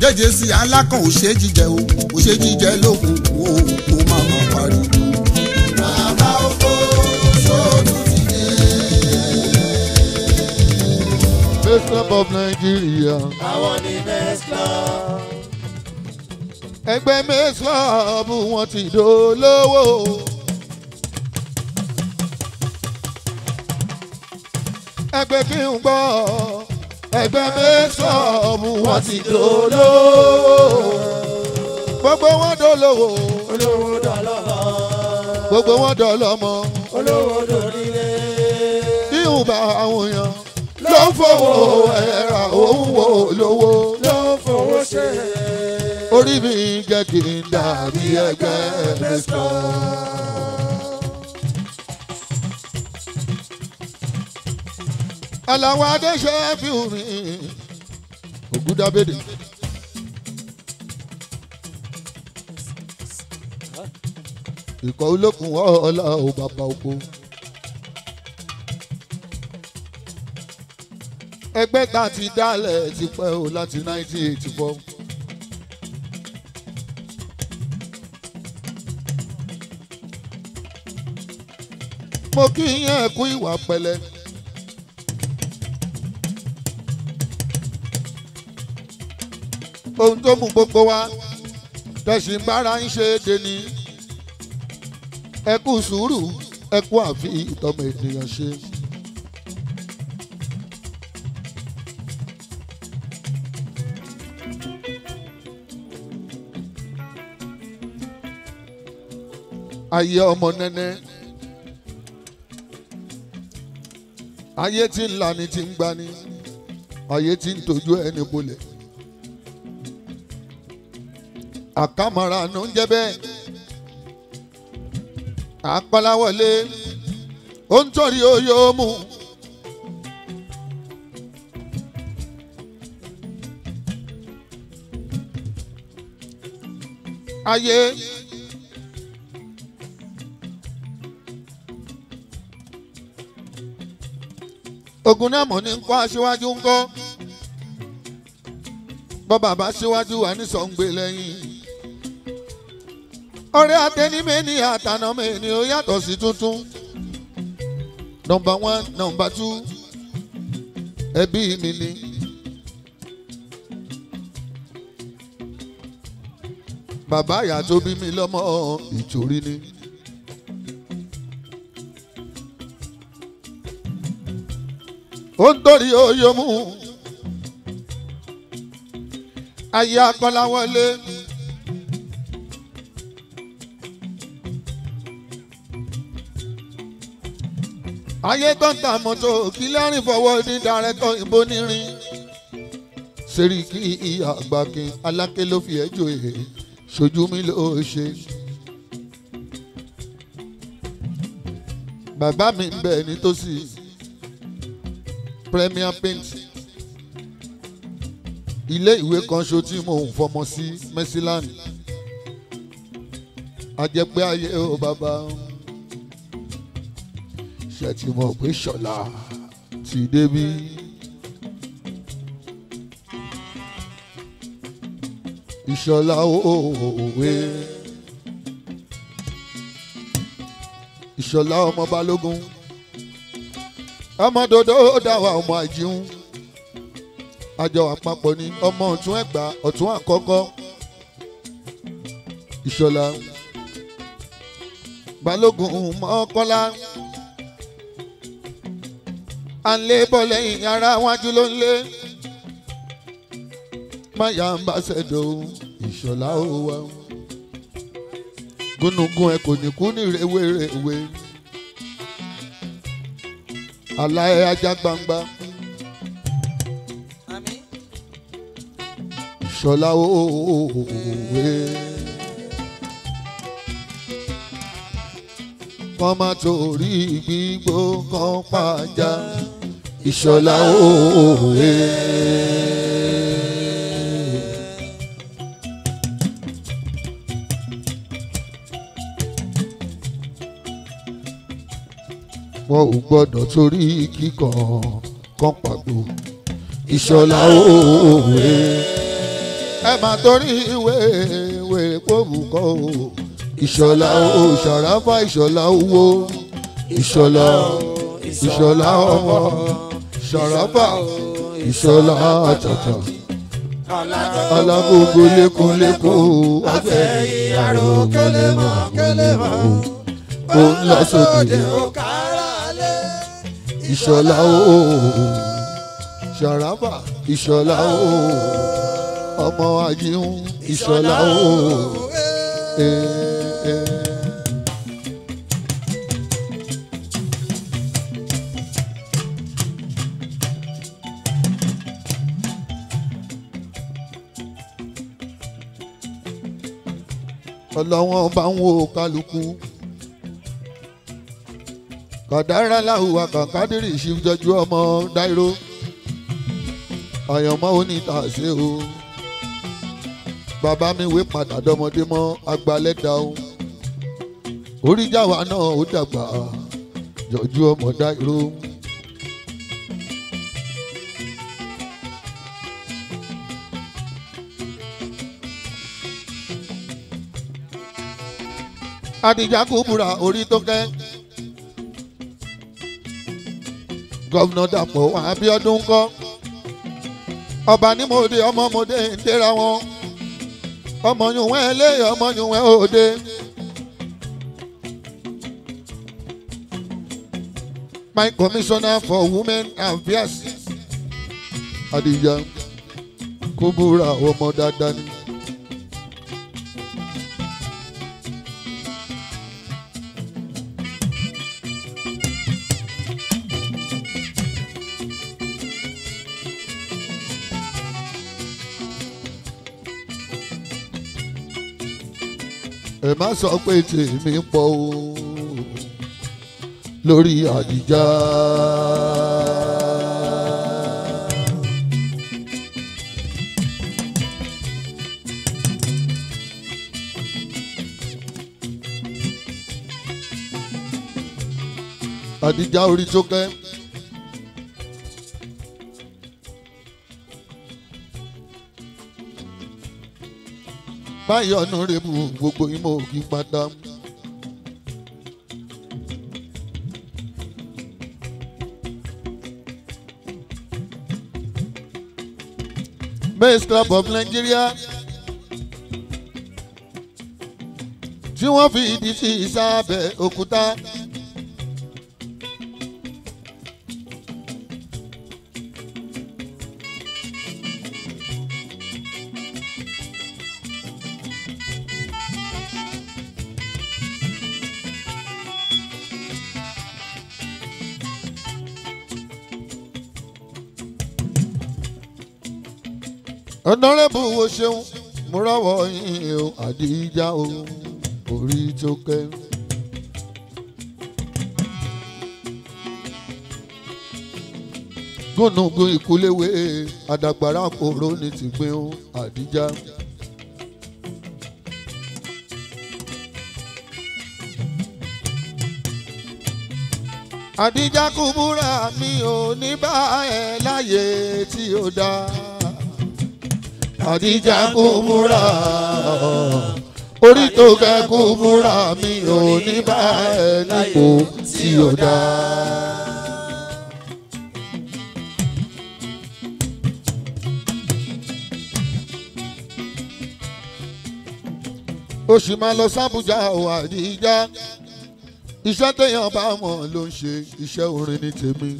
jẹ́jẹ́ sí alákàn òṣè jíjẹ o òṣè jíjẹ lókun o kò má má parí. bàbá oko sóòtú ti dé. best club of Nigeria. àwọn ni best club. ẹgbẹ́ best club wọn ti dolówó. ẹgbẹ́ kí n gbọ́ ẹgbẹ́ mẹ́sọ̀ọ̀mù wọn ti dòlò. gbogbo wọn dolówó. olówó dọlọ́mọ. gbogbo wọn dọlọ́mọ. olówó dorílé. bíhùn bá àwọn èèyàn ló ń fowó ẹ̀rà òun wo lówó. ló ń fowó ṣe. orí mi jẹ́ kí n dàbí ẹgbẹ́ mẹ́sàn-án. aláwọ̀ adéṣẹ́ fi omi ògúdàbèdè. ìkọ̀ olókùn ọ̀ọ́lá ò bàbá oko. ẹgbẹ́ tá a ti dálẹ̀ ti pẹ́ o láti nineteen eighty four. mo kí yín ẹ kú ìwà pẹ̀lẹ́. ohun tó mú gbogbo wa tẹ̀sí bára ń ṣe èdè ni ẹ sùúrù ẹ àfi ìtọ́mọ ènìyàn ṣe. ayé ọmọ nẹ́nẹ́ ayé tí ń lani tí ń gbani ayé tí ń tọ́jú ẹni bolẹ̀ àkàmọ́ra ló ń jẹ́ bẹ́ẹ̀ àpàláwọlé ó ń tọ́rí oyè omu. ayé ogun náà mọ̀ ní nkọ́ aṣíwájú ńkọ́ bọ́ bàbá aṣíwájú wa ní sọ̀ lẹ́yìn ọ̀rẹ́ àtẹnimẹ́ni àtànàmẹ́ni ó yàtọ̀ sí tuntun number one number two ẹbí mi ni. bàbá àyà tó bí mi lọ́mọ ìtòrí ni. ó ń torí oyomú ayé akọ́láwọlé. ayé gbọ̀ǹkà mọ́tò kí lẹ́rìn fọwọ́ ní dàrẹ́tọ̀ ìbò nírin Sẹ́ríkì ìyá àgbàkin aláké ló fi ẹjọ́ èhè ṣojú mi ló ṣe. bàbá mi ń bẹ nítòsí Premier Paint ilé ìwé kan ṣo tí mò ń fọmọ sí Mercyland àjẹpẹ́ ayé o bàbá ṣe ti mọ̀ pé ṣọlá ti débí. ìṣọlá òwe ìṣọlá ọmọ balógun ọmọ dodo dáwà ọmọ àjíhun àjọ àpapọ̀ ni ọmọ ọ̀tún ẹ̀gbá ọ̀tún àkọ́kọ́ ìṣọlá balógun mọ́kọ́lá à ń lé bọ̀ lẹ́yìn ara wájú ló ń lé máyà ń bá ṣẹ̀dọ̀ ìṣọ̀lá ó wà gúnugún ẹ kò ní kú ní rèwerèwe aláyé ajá gbangba ìṣọ̀lá ó wè. kọ́má torí gbígbó kan pàjá ìṣọ̀lá òwe. wọn ò gbọ́dọ̀ torí kíkan kan pàgbó ìṣọ̀lá òwe. ẹ máa torí ìwé ìwé pòmù kan o ìṣọ̀lá o ṣàràfà ìṣọ̀lá owó ìṣọ̀lá ìṣọ̀lá ọmọ ṣọ̀rọ̀fà ìṣọ̀lá àtàtà alábògo lẹ́kùn lẹ́kùn afẹ́ ìyàrá kẹlẹ́mọ̀ kẹlẹ́mọ̀ ó ń lọ sókè ìṣọ̀lá o ṣọ̀rọ̀fà ìṣọ̀lá o ọmọ ajíhun ìṣọ̀lá o. ọlọ́wọ́n bá ń wo kálukú kàdárà láhùwà kàkádìrì ìṣíjọjú ọmọ dáìró àyànmọ́ onítàṣe o bàbá mi wé padà dọmọdé mọ́ agbálẹ́dà o oríjàwá náà ó dàgbà jọjú ọmọ dáìró. adija kubura orí tó kẹ́. gọ́vnà dàpọ̀ Abíọ́dún ńkọ́ ọba ní mòde ọmọ mòde ń dẹ́ra wọn ọmọ yùnwẹ́ eléyìí ọmọ yùnwẹ́ òde. my commissioner for women and affairs adija kubura ọmọ dáadáa ni. má sọ pé tèmi pọ̀ o lórí àyíjá. àdìjá orí sókè. báyọ̀ ọ̀nà rẹ̀ gbogbo ìmọ̀ ògì padà. Best Club of Nigeria tí wọ́n fi ìdí sí ìsábẹ̀ òkúta. ọ̀dọ́rẹ́bù wo ṣeun mo rọ́wọ́ yín o àdìjà o orí tó kẹ́. gúnùgún ìkúléwé àdàgbàrá kòró ní tìpín o àdìjà. àdìjà kúbúrà mi ò ní bá ẹ láyé tí ó dáa. Khadija kò múra orí tó ga kò múra mi ò ní bá ẹ nípò tí ò dáa. ó sì máa lọ sábùjá ò àdìjá iṣẹ́ téèyàn bá wọn ló ń ṣe iṣẹ́ orin ní tèmi.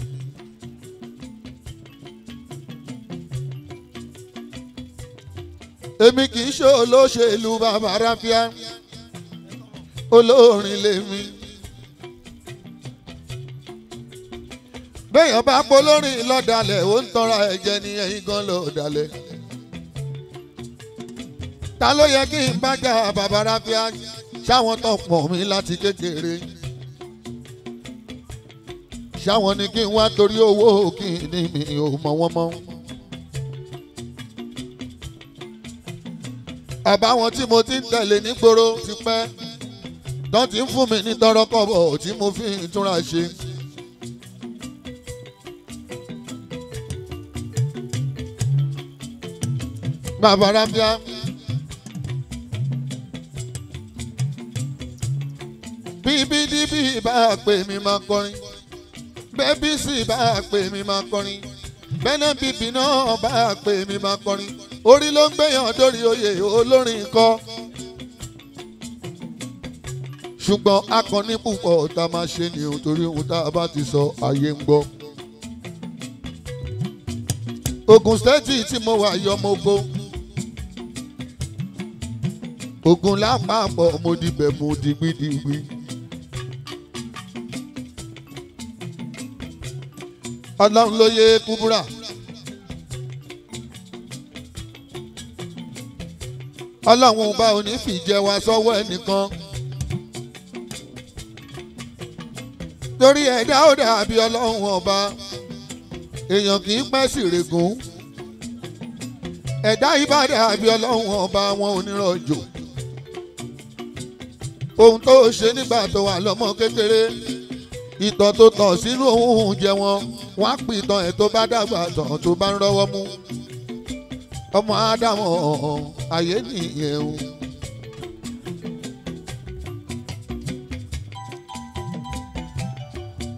èmi kì í ṣe olóṣèlú bàbá ráfíà olórin lèmi. béèyàn bá polórin lọ́dàlẹ̀ ó ń tọ́ra ẹ̀jẹ̀ ní ẹ̀yìn gan lọ́dàlẹ̀. ta ló yẹ kí n bá jà bàbá ráfíà ṣáwọn tó pọ̀ mí láti kékeré. ṣáwọn ni kí n wá torí owó kí ni mi ò mọ̀ wọ́n mọ́. àbáwọn tí mo ti ń tẹ̀lé nígboro ti pẹ́ tán ti ń fún mi ní tọrọkọ̀bọ̀ tí mo fi ìtura ṣe. bàbá rábíà bíbídíbí bá pè mí máa kọrin bẹ́bí sì bá pè mí máa kọrin bẹ́nẹ́ bíbí náà bá pè mí máa kọrin orí ló ń gbẹ̀yàn dórí oyè olórin kọ́ ṣùgbọ́n akọni púpọ̀ tá a máa ṣe ni o torí ohun tá a bá ti sọ ayé ń gbọ́. Ògùn state tí mo wà yọ mo kó Ògùn lápapọ̀ mo dibẹ̀ mo digbidigbi. Ọlọ́run ló yẹ kúbúrà. ọlọ́run bá onífìjẹ wa sọ́wọ́ ẹnìkan. torí ẹ̀dá ò dàbí ọlọ́run ọba èèyàn kì í pẹ́ sí rẹ̀gùn ẹ̀dá ìbàdàn àbí ọlọ́run ọba wọn onírọ̀jò ohun tó ṣe nígbà tó wà lọ́mọ kékeré ìtọ̀ tó tọ̀ sínú òun jẹ wọn wọ́n á pìtàn ẹ̀ tó bá dàgbà tàn tó bá ń rọ́wọ́ mú ọmọ ádámọ̀ ayé nìyẹn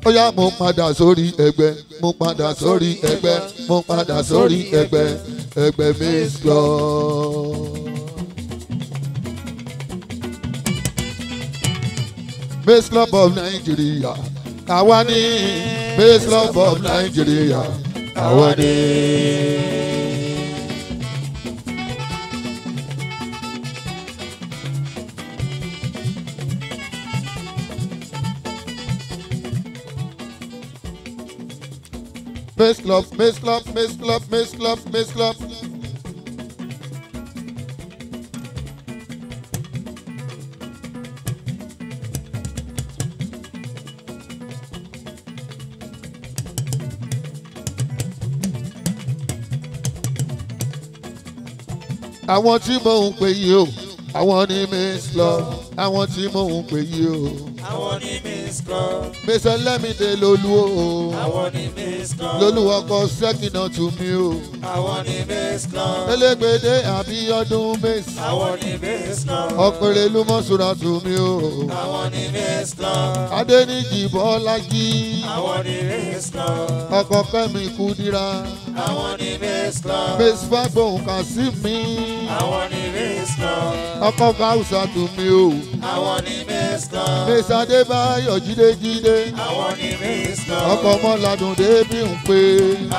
o. mo padà sórí ẹgbẹ́ mo padà sórí ẹgbẹ́ mo padà sórí ẹgbẹ́ ẹgbẹ́ maize club. Best club of Nigeria àwa ni Best club of Nigeria àwa ni. Miss love, miss love, miss love, miss love, miss love. I want you more with you. I want him miss love, I want mò more pè you. o. Àwọn ni miskan. Mr. Lẹ́mìdé lolú o. Àwọn ni miskan. Lolúwa kọ sẹ́kìnà tù mí o. Àwọn ni miskan. Elégbèdé Abíọ́dún Mace. Àwọn ni miskan. Ọ̀pẹ̀rẹ̀ Lumọ̀sùnà tù mí o. Àwọn ni miskan. Adéníjì Bọ́lájí. Àwọn ni miskan. Ọkọ̀ Fẹ́mi Kúdírà. Àwọn ni miskan. Mace Fágbọ̀n Kàsímì. Àwọn ni miskan. Ọkọ̀ Fáwùsà tù mí o. Àwọn ni miskan mẹsàn adébáyọ̀ jídéjídé àwọn ni mẹsàn ọkọ ọmọládùn débí ń pè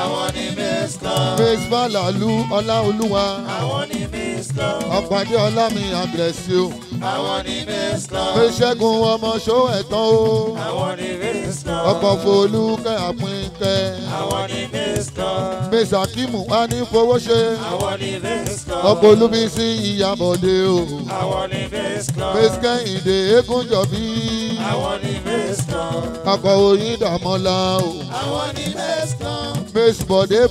àwọn ni mẹsàn mẹsàn làlú ọlá olúwa àwọn ni mẹsàn ọ̀pàdé ọlámi àgẹ̀sì o àwọn ni mẹsàn mẹsẹ̀gùn ọmọ ṣó ẹ̀tàn o àwọn ni mẹsàn ọkọ̀ fòlú kẹ́ àpínkẹ́ àwọn ni mẹsàn. Mesa Kimu wá ní fowó ṣe. Àwọn ni Vince Club. o. Àwọn ni Vince Club. Vince Kẹ́hìndé Egúnjọ̀bí. o. Àwọn ni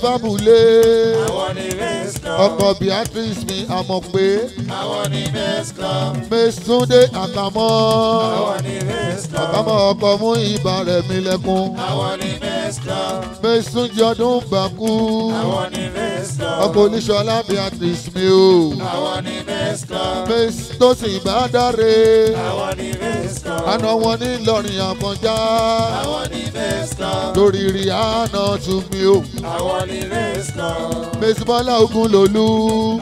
Bábùlé. Àwọn Beatrice ni a pé. Àwọn Túndé Àkàmọ́. Àwọn ni mú ìbàrẹ̀ mi lẹ́kún. Àwọn ni Vince Club kú. àwọn ni Face Club. ọkọ Olúṣọlá Beatrice mi o. àwọn ni Face Club. face tó sì bá dáre. àwọn ni Face Club. àná wọn ní Ìlọrin Àfọ̀njá. àwọn ni Face Club. lórí rí àná tún mi o. àwọn ni Face Club. Face Bọ́lá Ògúnlólú.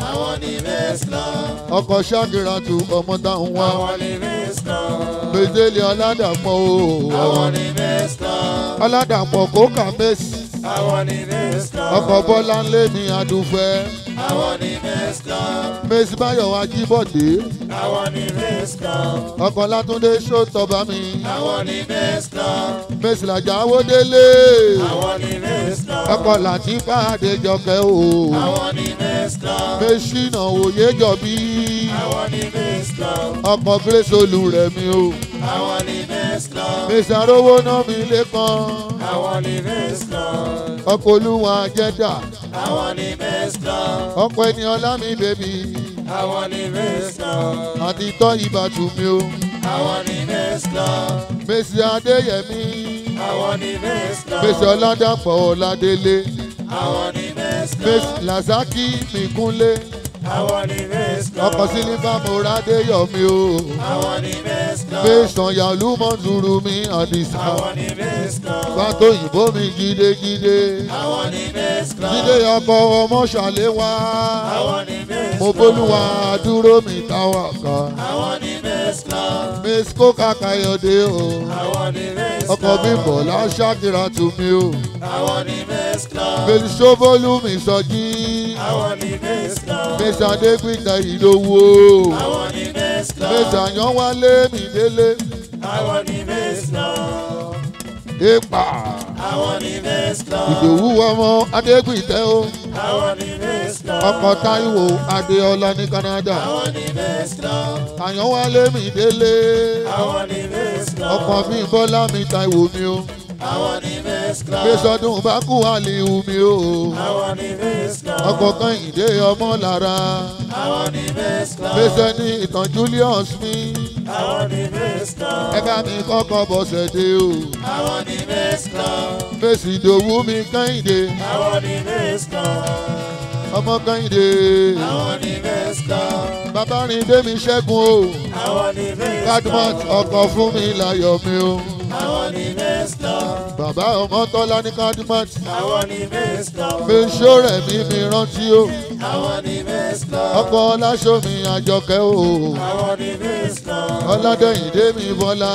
àwọn ni Face Club. ọkọ ṣàgìrà tu ọmọ táwọn wá. àwọn ni Face Club. gbèdéli ọ̀làdàpọ̀ o. àwọn ni Face ọ̀làdàpọ̀ kó kà mẹ́sì àwọn ni next love. ọkọ̀ bọ́lá ńlẹ̀ ní adúfẹ́. àwọn ni next love. mèsì báyọ̀ ajíbọ̀dé. àwọn ni next love. ọkọ̀ látúndé ṣòtọ́ba mi. àwọn ni next love. mèsì làjà awódélé. àwọn ni next love. ọkọ̀ làtífà àdéjọkẹ́ o. àwọn ni next love. mèsì náà òye jọ̀bí. àwọn ni next love. ọkọ̀ grace mi o àwọn ni best club. fèsì àrówó náà mi lé kan. àwọn ni best club. ọkọ̀ olúwa jẹ́dà. àwọn ni best club. ọkọ̀ ẹni ọlá mi bèbí. àwọn ni best club. àti tọ́ ìbàdàn mi o. àwọn ni best club. fèsì adéyẹmí. àwọn ni best club. fèsì ọládàpọ̀ ọládélé. àwọn ni best club. fèsì làzákì mìkúnlé. àwọn ni best club. ọkọ̀ sílífà mo rádé yọ̀ mi o. àwọn ni best club. Bẹ́sàn yàlú mọ́tòrò mi àdìsá. Gbàtò òyìnbó mi gidigidi. Jíde ọkọ̀ ọmọ ṣàlẹ̀ wá. Mo bólúwa dúró mi táwa ká. Miss Coca Kayode o. Ọkọ̀ bímbọ̀ láṣákìrà tù mí o. Bẹ́sàn bólú mi sọjí. Bẹ́sàn Adégbìtà ìlówó mẹ́sà yan wálé mi délé. àwọn ni mẹ́sà. ipa. àwọn ni mẹ́sà. ìdòwú ọmọ adégbìtẹ́ o. àwọn ni mẹ́sà. ọkọ táíwò adéọlá ní Canada. àwọn ni mẹ́sà. àyàn wálé mi délé. àwọn ni mẹ́sà. ọkọ mi bọ́lá mi táíwò mi o. àwọn ni mẹ́sà gbèsòdùn bá kú àlìhùn mi o. ọkọ̀ kan ìdè ọmọ lára. gbèsè ní ìtàn Julius mi. ẹ bá mi kọ́kọ́ bọ̀sẹ̀ dé o. fèsì ìdòwú mi kẹ́hìndé. ọmọ kẹ́hìndé. bàbá rìn dé mi ṣẹ́gun o. kadmot ọkọ̀ fún mi láyọ̀ mi o. Àwọn ni best love bàbá ọmọ tọ́lá ní kadimat. àwọn ni best love. fi ṣọ́rẹ̀ mi mi rántí o. àwọn ni best love. ọkọ ọláṣọ́mi àjọkẹ́ o. àwọn ni best love. ọládẹ́yìndé mi bọ́lá.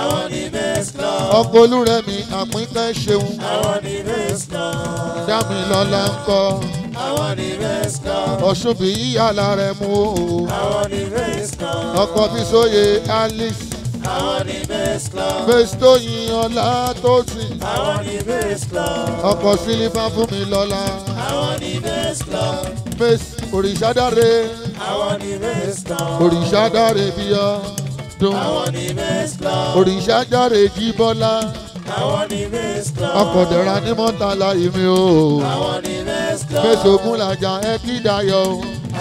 àwọn ni best love. ọkọ olúrẹ̀mí àpínkẹ́ ṣeun. àwọn ni best love. dámilọ́lá ń kọ́ àwọn ni best love. ọ̀ṣun bí yíyá lára ẹ̀ mú o. àwọn ni best love. ọkọ bí sóye alice àwọn ni best club. best tó yin ọlá tó sìn. àwọn ni best club. ọkọ̀ sílífà fún mi lọ́la. àwọn best club. best òrìṣà dáre. àwọn ni best club. òrìṣà dáre bíyà. dùn. àwọn ni best club. òrìṣà dáre jí bọ́lá. àwọn ni best club. ọkọ̀ dẹ̀ra ní mọ́tàlá ìmí o. àwọn ni best club. best ogun làjà ẹ kí dayọ̀ o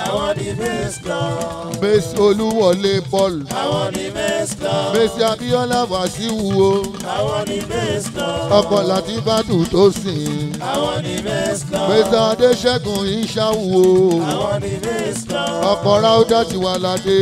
àwọn ni Base Club. Base Olúwọlé Paul. àwọn ni Base Club. Base Abíọ́lá Wàsíù o. àwọn ni Base Club. ọkọ̀ láti bàdù tó sìn. àwọn ni Base Club. Base Adéṣẹ́gun Ìṣàwù o. àwọn ni Base Club. ọkọ̀ ráúdà Tìwàládé.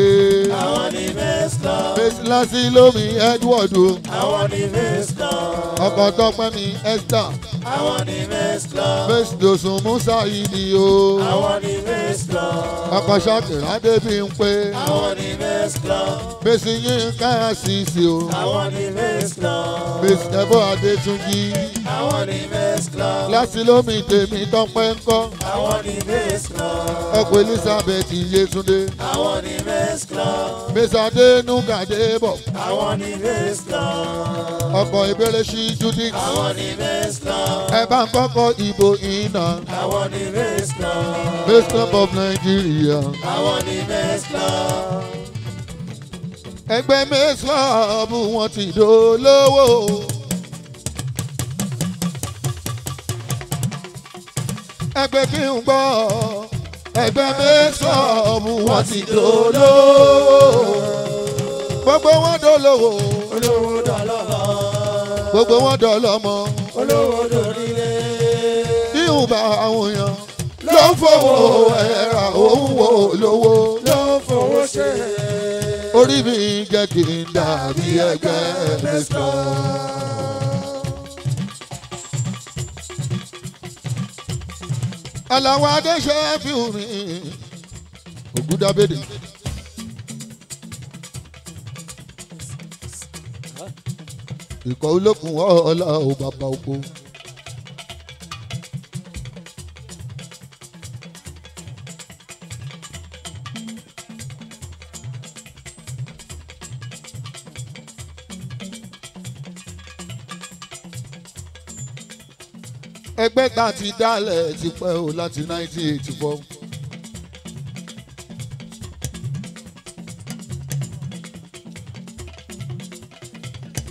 àwọn ni Base Club. Base Lásìlómi Edward o. àwọn ni Base Club. ọkọ̀ tọpẹ́ mi Esther àwọn ni Mace Club. Mace Dosun Musa yìí ni o. àwọn ni Mace Club. Akọ̀ṣà Kìlá débi ń pé. àwọn ni Mace Club. Mace Yínká Sisi o. àwọn ni Mace Club. Mace Debo Adétúnjì àwọn ní best club. láti lómi tèmi tọ́pẹ́ ń kọ́. àwọn ní best club. ọkọ̀ elizabeth iyetunde. àwọn ní best club. mesade nugade bọ̀. àwọn ní best club. ọkọ̀ ìbéèrè sí judith. àwọn ní best club. ẹ bá ń kọ́kọ́ ìbò iná. àwọn ní best club. best club of nigeria. àwọn ní best club. Ẹgbẹ́ mẹ́sàn club wọn ti dolówó. ẹgbẹ́ kí n gbọ́ ẹgbẹ́ mẹ́sàn-án wọ́n ti dòdò. gbogbo wọn dolówó. olówó dọlọ́mọ. gbogbo wọn dọlọ́mọ. olówó dorílé. ìhùbà àwọn èèyàn ló ń fowó ẹ̀rà òun wò lówó. ló ń fowó ṣe. orí mi jẹ́ kí n dàbí ẹgbẹ́ mẹ́sàn aláwọ̀ adéṣẹ́ fi rìn ògúdàbèdè. ìkọ̀ olókùn ọ̀ọ́lá ò bàbá oko. tá a ti dálẹ̀ ti pẹ́ o láti 1984.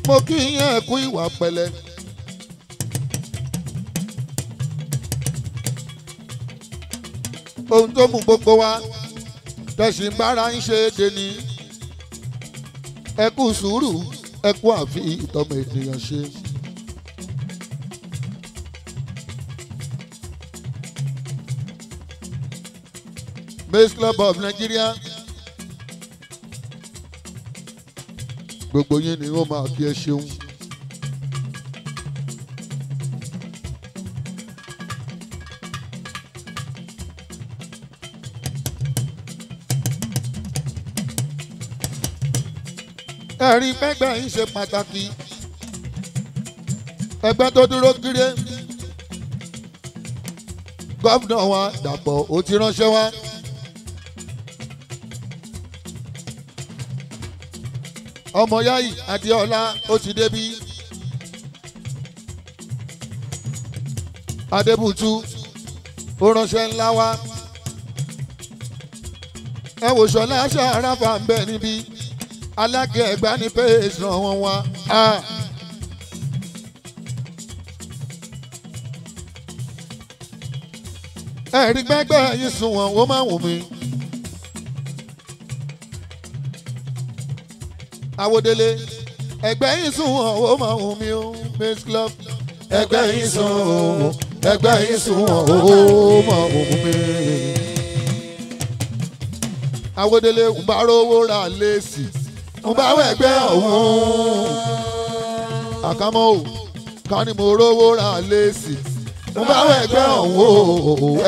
mo kí yín ẹ kú ìwà pẹ̀lẹ́. ohun tó mú gbogbo wa tẹ̀sìn bára ń ṣe é dé ni ẹ kú sùúrù ẹ kú àfi ìtọ́mọ ènìyàn ṣe. Bass Club of Nigeria. gbogbo yín ni wọ́n máa kí ẹ ṣeun. ẹ̀rí gbẹ́gbẹ́ yìí ṣe pàtàkì ẹgbẹ́ tó dúró gírí gómìnà wa Dàpọ̀ ó ti ránṣẹ́ wá. ọmọ yáyì àti ọlá ó ti débí. adébùtú ó ránṣẹ́ ńlá wá ẹ wò sọlá ṣàràfà ń bẹ níbí alága ẹgbà ní pèsè ràn wọn wá. ẹ̀rí gbẹ́gbẹ́ yìí sùn wọ́n ó máa wù mí. Awodele ẹgbẹ́ yìí sùn ọ̀wọ́ máa wù mí o Mace Club ẹgbẹ́ yìí sùn ọ̀wọ́ ẹgbẹ́ yìí sùn ọ̀wọ́ máa wù mí. Awodele ń bá rówó ra léèsì ń bá wọ ẹgbẹ́ ọ̀hún. Àkámọ́ o ká ní mo rówó ra léèsì ń bá wọ ẹgbẹ́ ọ̀hún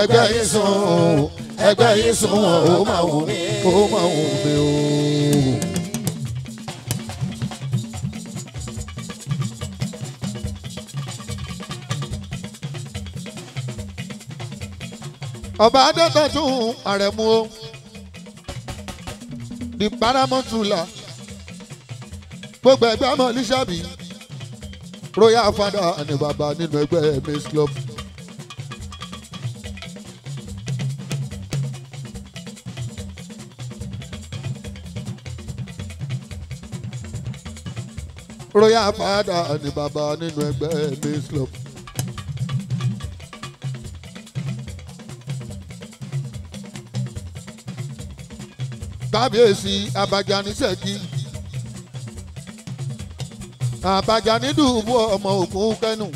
ẹgbẹ́ yìí sùn ọ̀hún ẹgbẹ́ yìí sùn ọ̀hún máa wù mí o máa wù mí o. ọba adẹ́tọ̀tún àrẹ̀mú o the paramount ruler gbogbo ẹgbẹ́ ọmọ oníṣàbí royal father ni bàbá nínú ẹgbẹ́ mace club. royal father ni bàbá nínú ẹgbẹ́ mace club. kábíyèsí abajani ṣẹ́gi abajani dùbú ọmọ òkun kẹ́nu.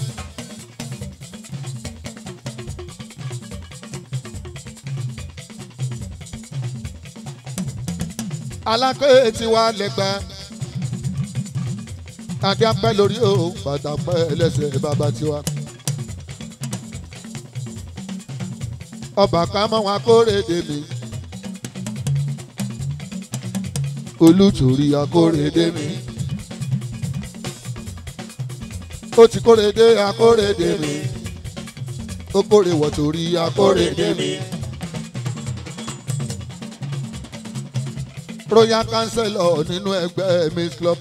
alákòye ti wá lẹ́gbàá adé apẹ́ lórí o bàtà pẹ́ lẹ́sẹ̀ bàbá tiwa. ọba ká mọ́ kórè dèmí. olùtòrí akórèdé mi. ó ti kórèdé akórèdé mi ó kórè wọ̀ torí akórèdé mi. royal councillor nínú ẹgbẹ́ miss club.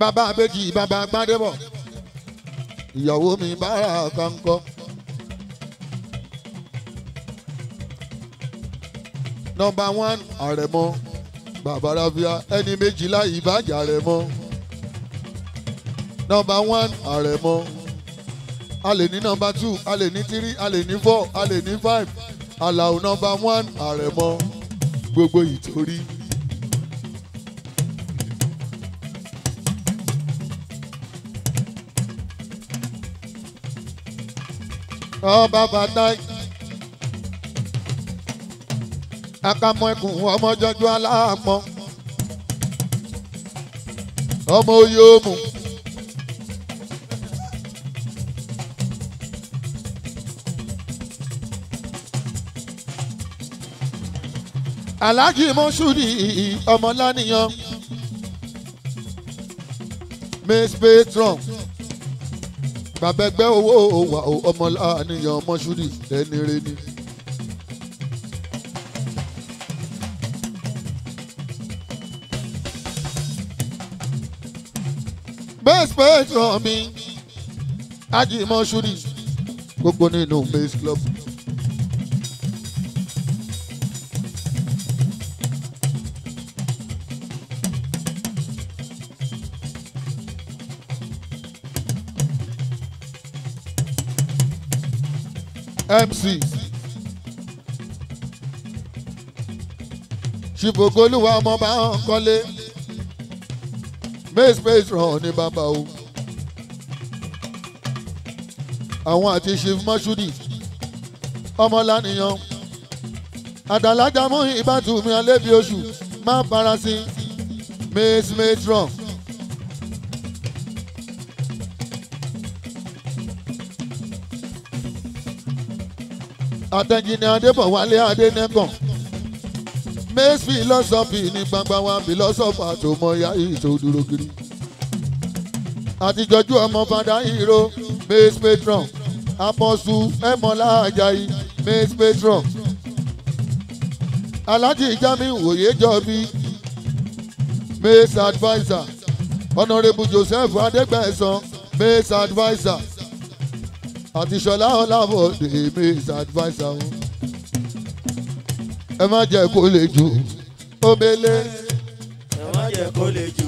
bàbá abéjì bàbá gbádébọ̀ ìyàwó mi bára kankan. nọmba one àrẹ̀mọ bàbá rábíà ẹni méjìlá ìbàjẹ́ àrẹ̀mọ nọmba one àrẹ̀mọ a lè ní nọmba two a ní three a ní four a ní five àlàó nọmba one àrẹ̀mọ gbogbo ìtorí. ọba bàtà akamọ ẹkùn ọmọ jọjú aláàmọ ọmọ oyè òmù. aláàjì mọ́ṣúrì ọmọláníyàn miss patron bàbá ẹgbẹ́ owó ọmọláníyàn mọ́ṣúrì ẹni rẹ ni. best best, patron mi ajì mọ́ṣúrì gbogbo nínú Mace Club. MC ṣìbògolúwa ọmọ bá ń kọ́lé mace mace ràn ní bàbá o àwọn àti chief mọ́ṣúdì ọmọlànìyàn àdàlájàmú ìbátúmi alẹ́bí oṣù má para sí mace mace ràn. àtẹ̀jìnì adébọ̀wálé adé nẹ́gbọ̀n. Maze philosophy ní gbangba wa philosopher tó mọ ya yìí tó dúró kiri. àtijọ́jú ọmọ fada hero Maze patron apọ́sù ẹ̀mọ́lá ajayi Maze patron. Alhaji Jamiu Oyèjọ́bí Maze adviser Honourable Joseph Adégbẹ̀sán Maze adviser àti Ṣọlá Ọlábọ̀dé Maze adviser wọn ẹ má jẹ́ kó le jù ó bẹ́lẹ̀ ẹ má jẹ́ kó le jù.